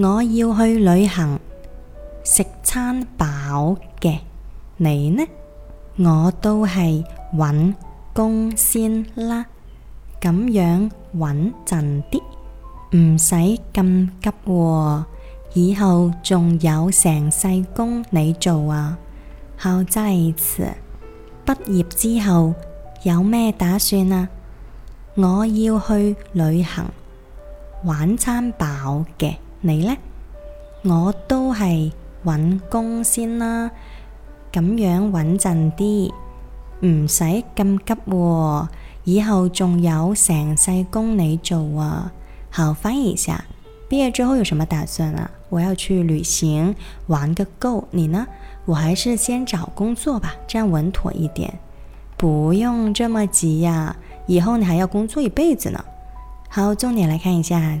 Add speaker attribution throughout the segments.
Speaker 1: 我要去旅行食餐飽嘅，你呢？我都係揾工先啦，咁樣穩陣啲，唔使咁急喎。以後仲有成世工你做啊，孝仔。畢業之後有咩打算啊？我要去旅行，玩餐飽嘅。你呢？我都係搵工先啦，啊，咁樣穩陣啲，唔使咁急，喎。以後仲有成世工你做啊！好，翻譯一下，畢業之後有什麼打算啊？我要去旅行，玩個夠。你呢？我還是先找工作吧，這樣穩妥一點，不用這麼急呀，啊。以後你還要工作一輩子呢。好，重點來看一下。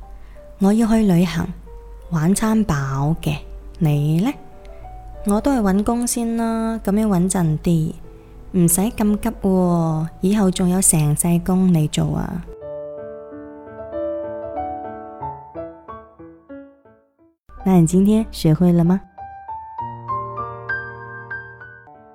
Speaker 1: 我要去旅行，玩餐飽嘅。你呢？我都係搵工先啦，咁樣穩陣啲，唔使咁急喎。以後仲有成世工你做啊。那你今天學會了嗎？